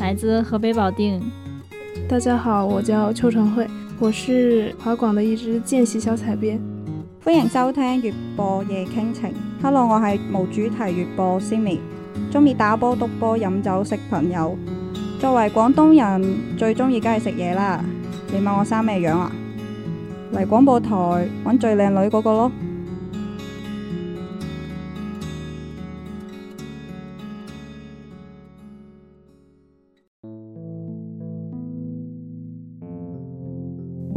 來自河北保定。大家好，我叫邱成慧，我是華廣的一隻見習小採編。歡迎收聽月播夜傾情。Hello，我係無主題月播 Simi，中意打波、篤波、飲酒、食朋友。作為廣東人，最中意梗係食嘢啦。你問我生咩樣啊？嚟廣播台搵最靚女嗰個咯。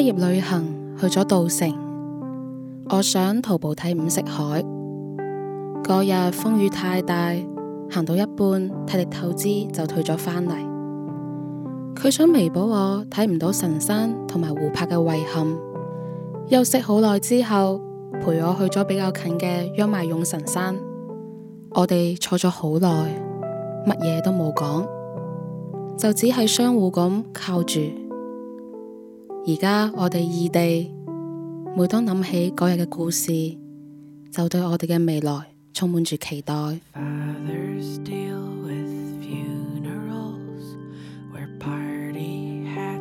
畢業旅行去咗稻城，我想徒步睇五色海。嗰日風雨太大，行到一半體力透支就退咗翻嚟。佢想彌補我睇唔到神山同埋湖泊嘅遺憾，休息好耐之後陪我去咗比較近嘅央邁勇神山。我哋坐咗好耐，乜嘢都冇講，就只係相互咁靠住。而家我哋異地，每當諗起嗰日嘅故事，就對我哋嘅未來充滿住期待。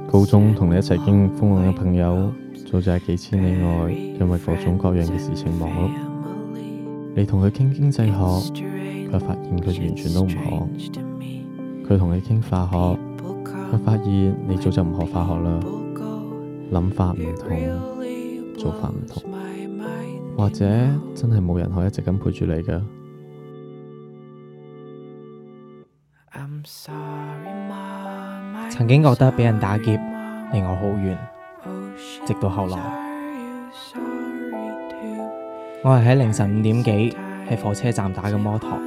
高中同你一齊經歷風浪嘅朋友，早就喺幾千里外，因為各種各樣嘅事情忙碌。你同佢傾經濟學，佢發現佢完全都唔學；佢同你傾化學，佢發現你早就唔學化學啦。諗法，唔同，做法唔同，或者真係冇人可以一直咁陪住你嘅。Sorry, Mom, sorry, 曾經覺得俾人打劫離我好遠，oh, should 直到後來，我係喺凌晨五點幾喺火車站打嘅摩托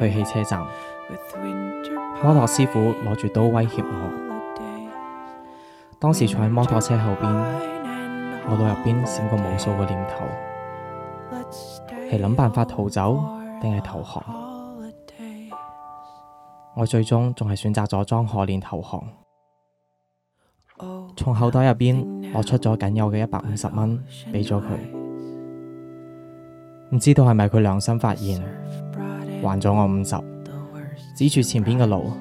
去汽車站，摩托師傅攞住刀威脅我。當時坐喺摩托車後邊，我腦入邊閃過無數個念頭，係諗辦法逃走定係投降？我最終仲係選擇咗裝可憐投降。從口袋入邊攞出咗僅有嘅一百五十蚊，俾咗佢。唔知道係咪佢良心發現，還咗我五十，指住前邊嘅路，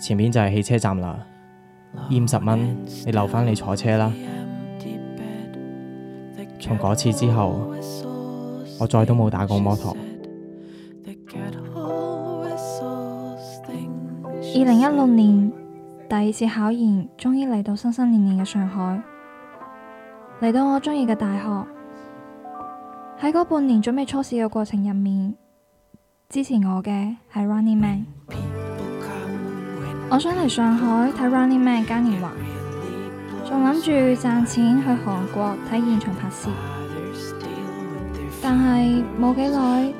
前面就係汽車站啦。二十蚊，你留返你坐車啦。從嗰次之後，我再都冇打過摩托。二零一六年第二次考研，終於嚟到心心念念嘅上海，嚟到我中意嘅大學。喺嗰半年準備初試嘅過程入面，支持我嘅係 Running Man。我想嚟上海睇《Running Man》嘉年華，仲諗住賺錢去韓國睇現場拍攝，但係冇幾耐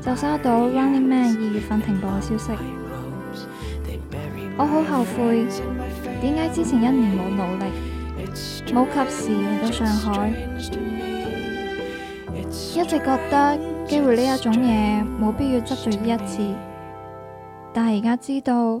就收到《Running Man》二月份停播嘅消息，我好後悔，點解之前一年冇努力，冇及時嚟到上海，一直覺得機會呢一種嘢冇必要執着於一次，但係而家知道。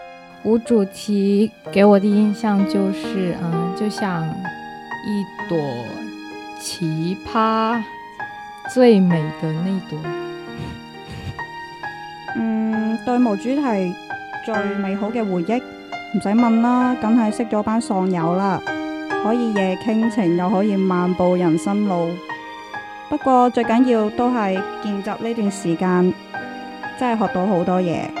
無主題給我的印象就是，嗯、就像一朵奇葩，最美的那朵。 嗯，對無主題最美好嘅回憶，唔使問啦，梗係識咗班喪友啦，可以夜傾情，又可以漫步人生路。不過最緊要都係見習呢段時間，真係學到好多嘢。